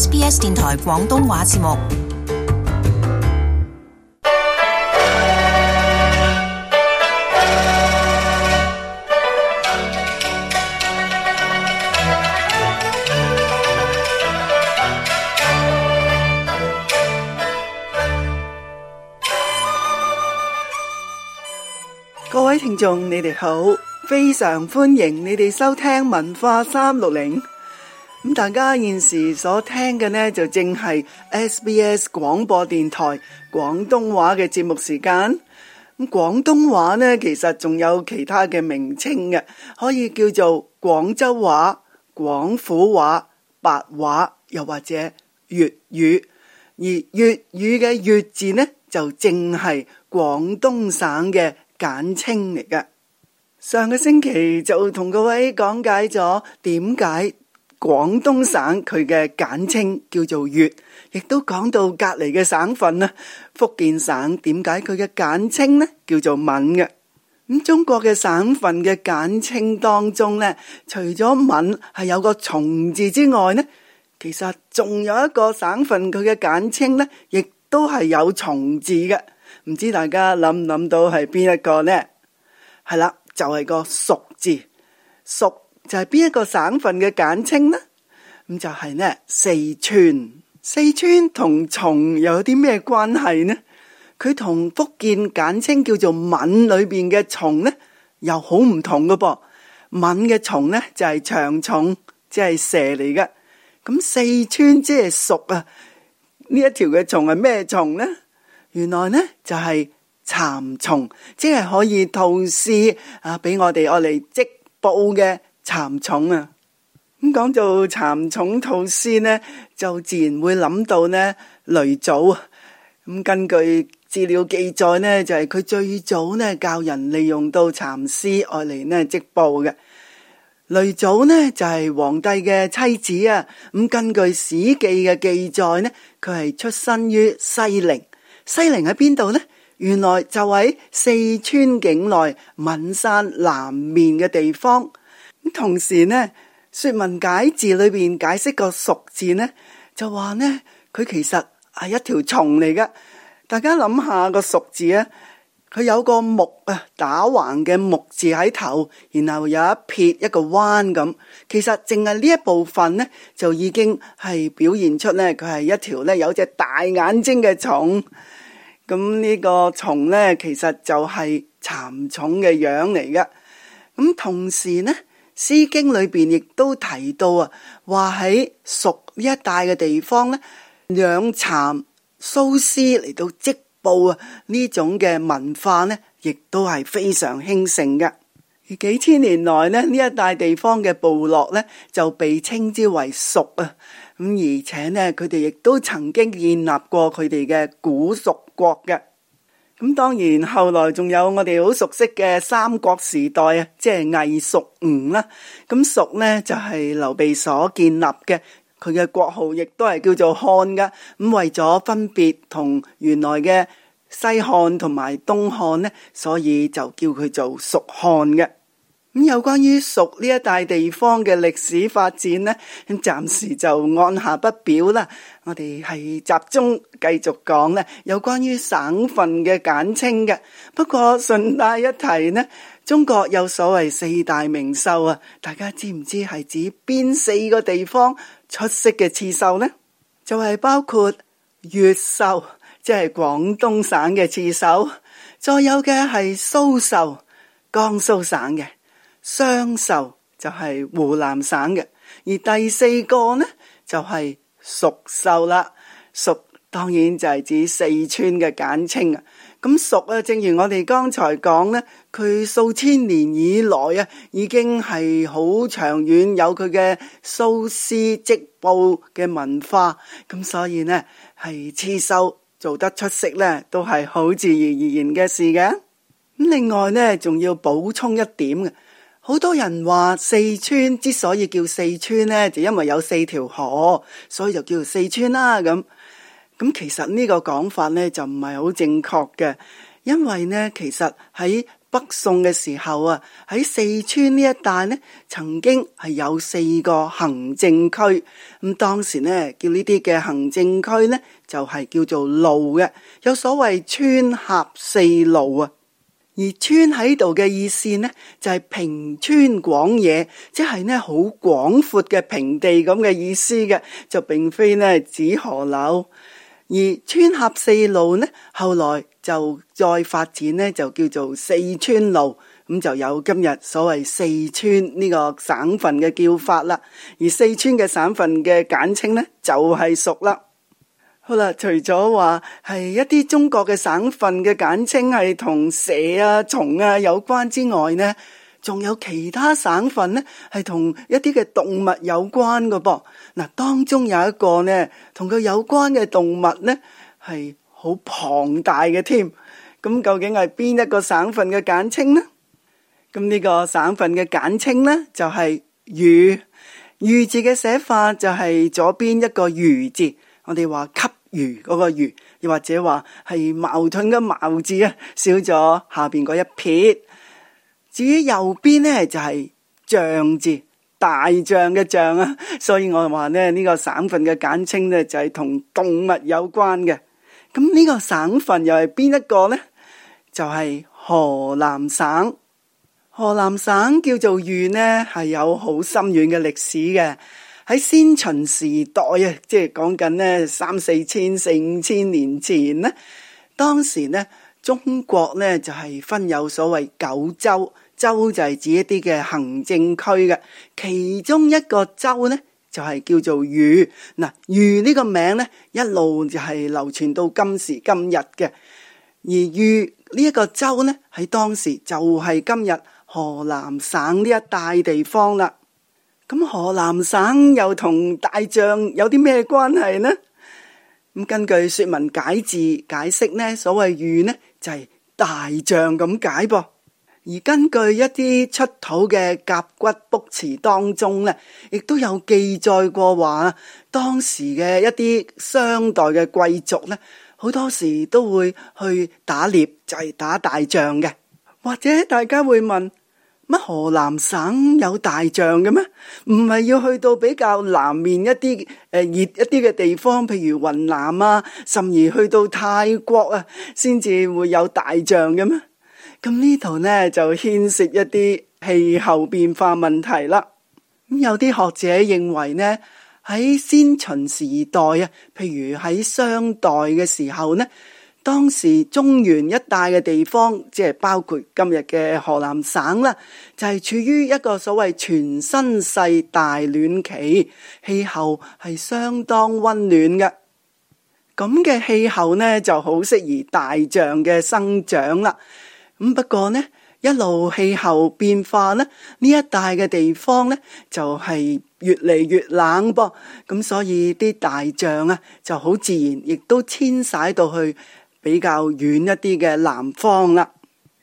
SBS 電台廣東話節目，各位聽眾，你哋好，非常歡迎你哋收聽文化三六零。咁大家現時所聽嘅呢，就正係 SBS 廣播電台廣東話嘅節目時間。咁廣東話呢，其實仲有其他嘅名稱嘅，可以叫做廣州話、廣府話、白話，又或者粵語。而粵語嘅粵字呢，就正係廣東省嘅簡稱嚟嘅。上個星期就同各位講解咗點解。廣東省佢嘅簡稱叫做粵，亦都講到隔籬嘅省份啦，福建省點解佢嘅簡稱呢？叫做閩嘅。咁中國嘅省份嘅簡稱當中呢，除咗閩係有個蟲字之外呢，其實仲有一個省份佢嘅簡稱呢，亦都係有蟲字嘅。唔知大家諗唔諗到係邊一個呢？係啦，就係個蜀字，蜀。就係邊一個省份嘅簡稱呢？咁就係呢四川。四川同虫又有啲咩關係呢？佢同福建簡稱叫做閩，裏邊嘅虫呢又好唔同噶噃。閩嘅虫呢就係長蟲，即係蛇嚟嘅。咁四川即係蜀啊，呢一條嘅虫係咩蟲呢？原來呢就係蠶蟲，即係可以吐絲啊，俾我哋我嚟織布嘅。蠶蟲啊，咁講到蠶蟲吐絲呢，就自然會諗到呢嫘祖。咁根據資料記載呢，就係、是、佢最早呢教人利用到蠶絲，愛嚟呢織布嘅。嫘祖呢，就係、是、皇帝嘅妻子啊。咁根據史記嘅記載呢，佢係出身於西陵。西陵喺邊度呢？原來就喺四川境內岷山南面嘅地方。同時呢，《說文解字》裏邊解釋個“蜀”字呢，就話呢，佢其實係一條蟲嚟嘅。大家諗下個“蜀”字呢，佢有個目啊打橫嘅目字喺頭，然後有一撇一個彎咁。其實淨係呢一部分呢，就已經係表現出呢，佢係一條呢有隻大眼睛嘅蟲。咁、嗯、呢、這個蟲呢，其實就係蠶蟲嘅樣嚟嘅。咁、嗯、同時呢。《詩經》裏邊亦都提到啊，話喺蜀呢一帶嘅地方呢，養蠶、繅絲嚟到織布啊呢種嘅文化呢，亦都係非常興盛嘅。而幾千年來呢，呢一帶地方嘅部落呢，就被稱之為蜀啊。咁而且呢，佢哋亦都曾經建立過佢哋嘅古蜀國嘅。咁當然，後來仲有我哋好熟悉嘅三國時代啊，即係魏蜀吳啦。咁蜀呢，就係劉備所建立嘅，佢嘅國號亦都係叫做漢㗎。咁為咗分別同原來嘅西漢同埋東漢呢，所以就叫佢做蜀漢㗎。咁有關於蜀呢一帶地方嘅歷史發展呢，咁暫時就按下不表啦。我哋係集中繼續講咧，有關於省份嘅簡稱嘅。不過順帶一提呢，中國有所謂四大名繡啊，大家知唔知係指邊四個地方出色嘅刺繡呢？就係、是、包括粵繡，即係廣東省嘅刺繡；再有嘅係蘇繡，江蘇省嘅。湘繡就係湖南省嘅，而第四個呢就係蜀繡啦。蜀當然就係指四川嘅簡稱啊。咁、嗯、蜀啊，正如我哋剛才講呢，佢數千年以來啊，已經係好長遠有佢嘅蘇絲織布嘅文化。咁、嗯、所以呢，係刺繡做得出色呢，都係好自然而然嘅事嘅、啊嗯。另外呢，仲要補充一點嘅、啊。好多人話四川之所以叫四川呢，就因為有四條河，所以就叫做四川啦。咁咁其實呢個講法呢，就唔係好正確嘅，因為呢，其實喺北宋嘅時候啊，喺四川呢一帶呢，曾經係有四個行政區。咁當時呢，叫呢啲嘅行政區呢，就係叫做路嘅，有所謂川峽四路啊。而川喺度嘅意思呢，就係、是、平川廣野，即係咧好廣闊嘅平地咁嘅意思嘅，就並非咧指河流。而川峽四路呢，後來就再發展呢，就叫做四川路，咁就有今日所謂四川呢個省份嘅叫法啦。而四川嘅省份嘅簡稱呢，就係蜀啦。好啦，除咗話係一啲中國嘅省份嘅簡稱係同蛇啊、蟲啊有關之外呢，仲有其他省份呢係同一啲嘅動物有關嘅噃。嗱，當中有一個呢同佢有關嘅動物呢係好龐大嘅添。咁究竟係邊一個省份嘅簡稱呢？咁呢個省份嘅簡稱呢，就係魚。魚字嘅寫法就係左邊一個魚字。我哋話給予嗰個予，又或者話係矛盾嘅矛字啊，少咗下邊嗰一撇。至於右邊呢，就係象字，大象嘅象啊，所以我話呢，呢個省份嘅簡稱呢，就係同動物有關嘅。咁呢個省份又係邊一個呢？就係河南省。河南省叫做豫呢，係有好深遠嘅歷史嘅。喺先秦時代啊，即係講緊咧三四千四五千年前咧，當時咧中國咧就係分有所謂九州，州就係指一啲嘅行政區嘅。其中一個州呢，就係叫做豫，嗱豫呢個名呢，一路就係流傳到今時今日嘅，而豫呢一個州呢，喺當時就係今日河南省呢一帶地方啦。咁河南省又同大象有啲咩關係呢？咁根據《說文解字》解釋呢，所謂豫呢就係大象咁解噃。而根據一啲出土嘅甲骨卜辭當中呢，亦都有記載過，話當時嘅一啲商代嘅貴族呢，好多時都會去打獵，就係打大象嘅。或者大家會問，乜河南省有大象嘅咩？唔係要去到比較南面一啲誒，熱、呃、一啲嘅地方，譬如雲南啊，甚至去到泰國啊，先至會有大象嘅咩？咁呢度呢，就牽涉一啲氣候變化問題啦。咁有啲學者認為呢，喺先秦時代啊，譬如喺商代嘅時候呢，當時中原一帶嘅地方，即係包括今日嘅河南省啦，就係處於一個所謂全新世大暖期，氣候係相當溫暖嘅。咁嘅氣候呢，就好適宜大象嘅生長啦。咁不過呢，一路氣候變化呢，呢一帶嘅地方呢，就係越嚟越冷噃。咁所以啲大象啊，就好自然亦都遷徙到去。比較遠一啲嘅南方啦，啊，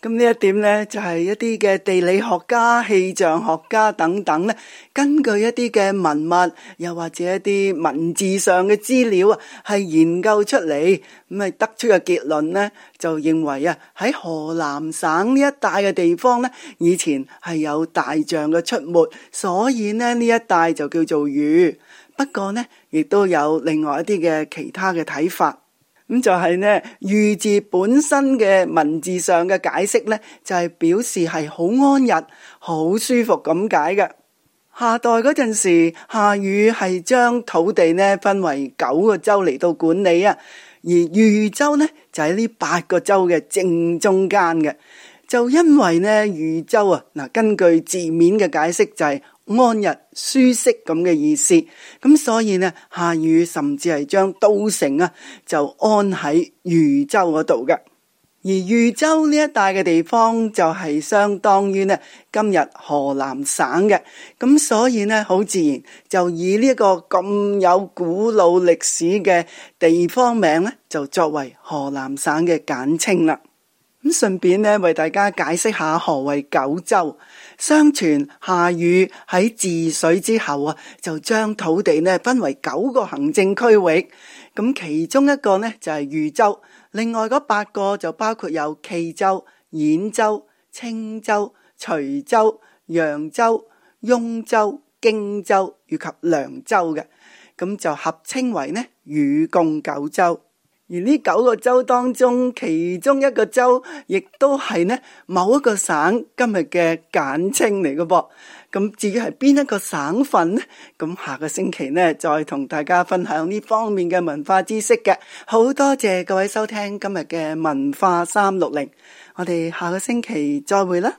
咁呢一點呢，就係、是、一啲嘅地理學家、氣象學家等等呢，根據一啲嘅文物，又或者一啲文字上嘅資料啊，係研究出嚟，咁係得出嘅結論呢，就認為啊，喺河南省呢一帶嘅地方呢，以前係有大象嘅出沒，所以呢，呢一帶就叫做豫。不過呢，亦都有另外一啲嘅其他嘅睇法。咁就係呢豫字本身嘅文字上嘅解釋呢，就係、是、表示係好安逸、好舒服咁解嘅。夏代嗰陣時，夏禹係將土地呢分為九個州嚟到管理啊，而豫州呢就喺呢八個州嘅正中間嘅。就因為呢豫州啊，嗱，根據字面嘅解釋就係、是。安逸舒適咁嘅意思，咁所以呢，夏禹甚至係將都城啊，就安喺豫州嗰度嘅。而豫州呢一帶嘅地方就係相當於呢今日河南省嘅，咁所以呢，好自然就以呢一個咁有古老歷史嘅地方名呢，就作為河南省嘅簡稱啦。咁順便咧，為大家解釋下何謂九州。相傳夏禹喺治水之後啊，就將土地咧分為九個行政區域。咁其中一個咧就係豫州，另外嗰八個就包括有冀州、兗州、青州、徐州、揚州、雍州、荊州以及涼州嘅。咁就合稱為呢禹貢九州。而呢九個州當中，其中一個州亦都係呢某一個省今日嘅簡稱嚟嘅噃。咁至於係邊一個省份呢，咁下個星期呢，再同大家分享呢方面嘅文化知識嘅。好多謝各位收聽今日嘅文化三六零，我哋下個星期再會啦。